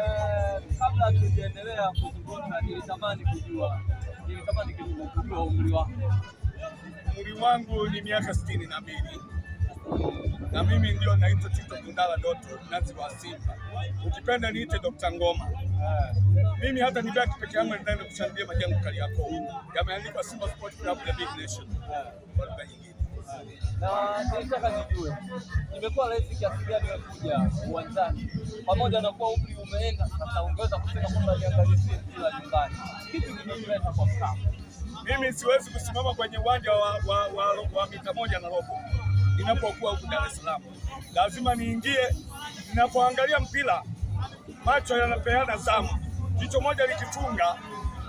Eh, kabla tujaendelea kuzungumza, nilitamani kujua nilitamani kujua umri wako. Umri wangu ni miaka sitini na mbili na mimi ndio naitwa Tito Bundala Doto, mnazi wa Simba, ukipenda niite Dr. Ngoma. Mimi hata nibaki peke yangu, nitaenda kushangilia majangu Kariakoo, yameandikwa Simba Sports Club, the big nation, kwa lugha nyingine na nilitaka nijue imekuwa rahisi kiasi gani wewe kuja uwanjani, pamoja na kuwa umri umeenda sasa, ungeweza kusema kwamba niangalie nyumbani, kwa Mimi siwezi kusimama kwenye uwanja wa, wa, wa, wa mita moja na robo inapokuwa huku Dar es Salaam, lazima niingie. Ninapoangalia mpira, macho yanapeana zamu, jicho moja likifunga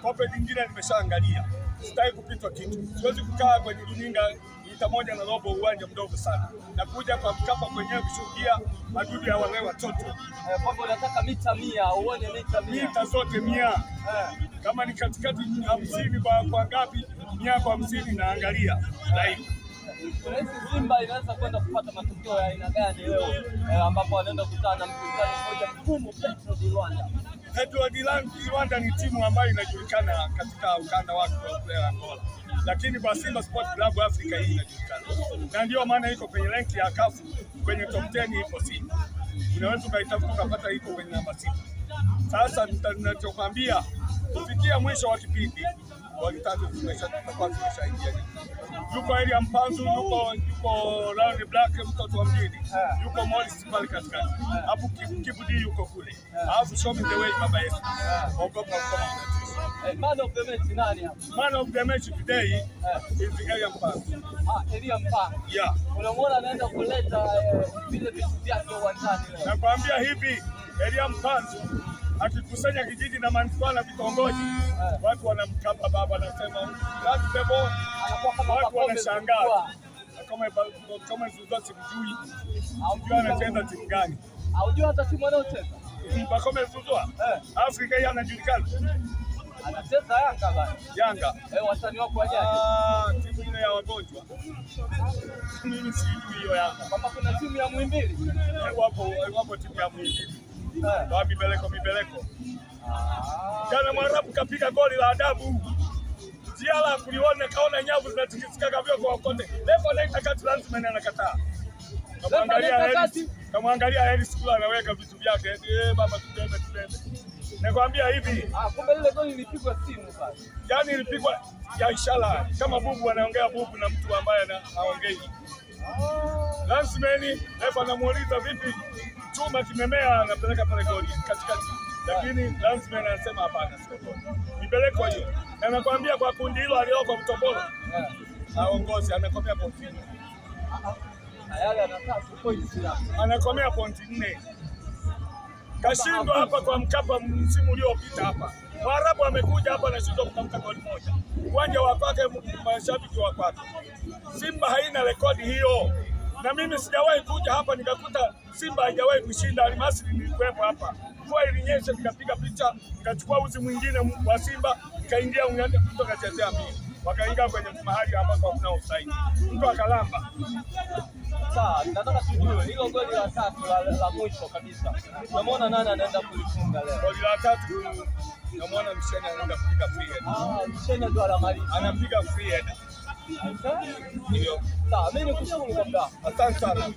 kope lingine limeshaangalia sitaki kupitwa kitu. Siwezi kukaa kwenye runinga lita moja na robo, uwanja mdogo sana, na kuja kwa Mkapa kwenyewe kushuhudia madudu ya wale watoto. Eh, unataka mita mia uone mita mia, mita zote mia, eh. kama ni katikati hamsini kwa ngapi, mia kwa hamsini naangalia like Simba inaweza kwenda kupata matokeo ya aina gani leo, eh, ambapo wanaenda kukutana na mpinzani mmoja mgumu Petro di Rwanda. Edward Lang Rwanda ni timu ambayo inajulikana katika ukanda wake wa kulea Angola, lakini kwa Simba Sport Club Afrika hii inajulikana, na ndio maana iko kwenye ranki ya kafu kwenye top 10 ipo Simba, unaweza ukaitafuta ukapata iko kwenye namba sita. Sasa ninachokwambia kufikia mwisho wa kipindi walitatu tutakuwa tumeshaingia. Yuko Elia Mpanzu, yuko yuko Lion Black mtoto wa mjini, ah. yuko Morris pale katikati, ah. hapo Kibudi yuko kule, alafu show me the way baba yetu ah. ogopa eh, Man of the match nani hapa? Man of the match today eh. is Elia Mpanzu. Ah, Elia Mpanzu. Yeah. anaenda kuleta eh, vile vitu vyake uwanjani Nakwambia hivi Elia Mpanzu akikusanya kijiji na manispaa na vitongoji, watu wanamkaba baba, anasema watu wanashangaa kama zozote simjui, mjui anacheza timu gani? aujua hata timu anayocheza Pakome Zuzwa eh. Afrika hii anajulikana, anacheza Yanga bana, Yanga eh, wasanii wako Ah, timu ile ya wagonjwa mimi sijui hiyo Yanga, kama kuna timu ya Muhimbili eh, wapo, wapo timu ya Muhimbili kwa mibeleko mibeleko. Jana Mwarabu kapiga goli la adabu, jiala kuliona, kaona nyavu zinatikisika kavyo kwa kote, lepo anaita kati, lazima anakataa. Kamwangalia heri siku anaweka vitu vyake, eh, baba tutende tutende. Nakwambia hivi, ah, kumbe lile goli ilipigwa simu basi. yani ilipigwa ya ishara kama bubu anaongea bubu na mtu ambaye anaongei. Ah. Lansmeni, lepo anamuuliza vipi? chuma kimemea, anapeleka pale goli katikati, lakini Lansman anasema hapana, nipelekwa hiyo. Anakwambia kwa kundi hilo alioko Mtobolo eh. aongozi amekomea pointi anakomea pointi nne kashindwa hapa kwa Mkapa msimu uliopita hapa. Waarabu amekuja hapa anashindwa kutamka goli moja, uwanja wa kwake, mashabiki wa kwake. Simba haina rekodi hiyo na mimi sijawahi kuja hapa nikakuta Simba haijawahi kushinda. Almasri nilikuwepo hapa, mvua ilinyesha, nikapiga picha, nikachukua uzi mwingine wa Simba, nikaingia unyanja kutoka chezea mimi, wakaingia kwenye mahali ambako hakuna offside, mtu akalamba. goli la tatu la mwisho kabisa, nani anaenda kulifunga leo? Goli la tatu namwona Mshene anaenda kupiga free Ah, Mshene ndo anamaliza, anapiga free 나 아메리카 시골 간다. 아, 쌀쌀.